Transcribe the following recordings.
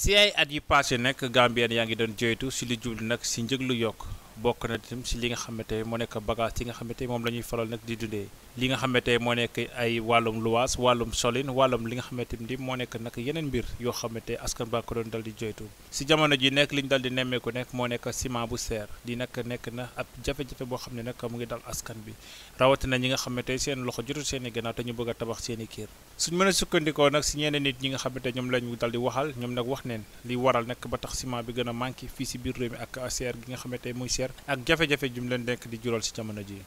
si at yi passé nag Gambien yaa ngi doon joytu si li jublu nag si njëg lu yokk bokk na itam si li nga xamante moo nekk bagage yi nga xamante moom la ñuy faral nag di dundee. li nga tay mo nek ay walum luwas walum solin walum li nga xamante ni moo nekk nag yeneen mbir xamé tay askan ba ko don dal di joytu si jamono ji nek liñ ñu dal di nemmeeku nekk moo nekk ciment bu ser di nak nek na ab jafé jafé bo xamné nak mo ngi dal askan bi na ñi nga tay seen loxo jottu seen gëna gannaaw te ñu bëgg tabax seen kër suñ mëna sukkandiko nak si ñeneen nit ñi nga xamante ñoom lañu dal di waxal ñom nak wax neen li waral nak ba tax ciment bi gëna manki fi ci bir réew mi ak gi nga ak jafé jafé jum leen nek di jural ci jamono ji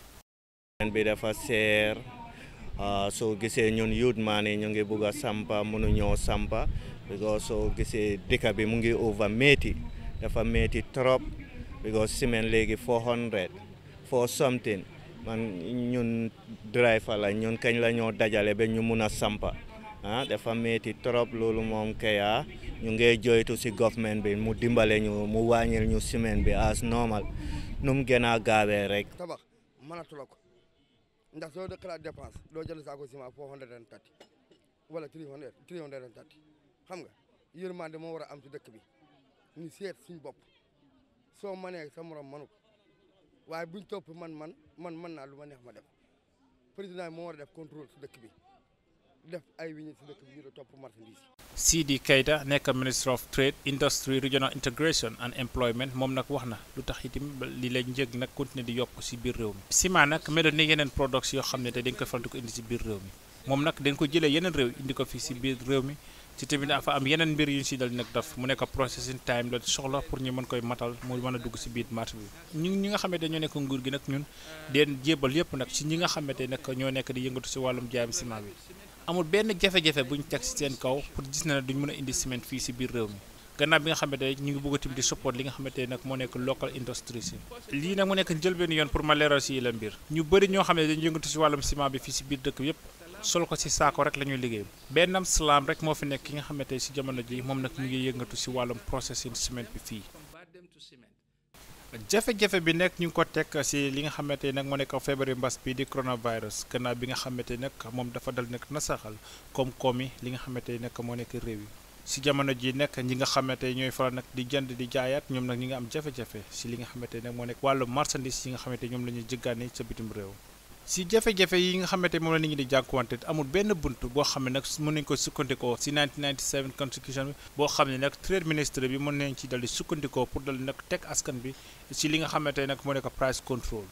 Kan bi dafa seer ah, so gisee ñun youth maa ne ñu ngi bugg a sampa mënuñoo sampa because so gisee dëkk bi mu ngi over meti, dafa métti trop because ciment léegi four hundred four something man ñun driver la ñun kañ la ñoo dajale ba ñu mun sampa ah dafa métti trop loolu moom kaya ñu ngi joytu si government bi mu dimbale ñu mu wàññil ñu ciment bi as normal num mu gën rek. tabax ndax soo de xalaat dépense doo jël saako ciment four hundred and thirty wala three hundred three hundred and thirty xam nga yërmande moo war a am ci dëkk bi ñu seet suñ bopp soo manee sa morom manu waaye buñ topp man man man mën naa lu ma neex ma def président bi moo war a def contrôle su dëkk bi def ay si dëkk bi ñu topp marchandise Sidi Keita nek Minister of trade industry regional integration and employment mom nak waxna lutax itim li lay njëg nak continue di yok ci biir rew mi sima nak mel ni yenen products yo xamne te dañ ko faral di ko indi ci biir rew mi mom nak dañ ko jëlee yenen rew indi ko fi ci biir rew mi ci tamit dafa am yenen mbir yu ci dal nak daf mu nek processing time lo soxla pour ñu mën koy matal mu mën a dugg si biir marché bi ñi ñi nga xamante dañu nek nguur gi nak ñun den jébal yépp nak ci ñi nga xamante nak ñoo nek di yëngatu ci walum jaam ciment bi amul benn jafe-jafe bu ñu teg si seen kaw pour gis na ne duñ mën a indi ciment fii si biir réew mi gannaaw bi nga xamante ne ñu ngi bëgg a tim di support li nga xamante ne nag moo nekk local industries yi lii nag mu nekk njëlbeen yoon pour ma leeral si la mbir ñu bëri ñoo xam dañu yëngatu si wàllum ciment bi fii si biir dëkk bi yëpp sol ko si saako rek la liggéey bennam slam rek moo fi nekk ki nga xamante ne si jamono ji moom nag mu ngi yëngatu si wàllum processing ciment fii jafe-jafe bi nek ñu ko tek si li nga xamante nak mo nek nekk mbass bi di coronavirus kena bi nga xamante nak mom dafa dal nek nasaxal koom comme li nga xamante nak mo nek réew si jamono ji nek ñi nga xamante ñoy fa nak di jënd di jaayat ñom nak ñi nga am jafe-jafe si li nga xamante nak mo nek walu marchandise yi nga xamante ñom lañu ñuy ci bitim réew si jafe-jafe yi nga xamante moom la nit ñi di jànkuwante amul benn bunt boo xam ne nag mën nañ ko sukkandikoo si 1997 constitution bi boo xam ne nag trade ministre bi mën nañ ci dal di sukkandikoo pour dal nag teg askan bi si li nga xamante nag moo nekk price control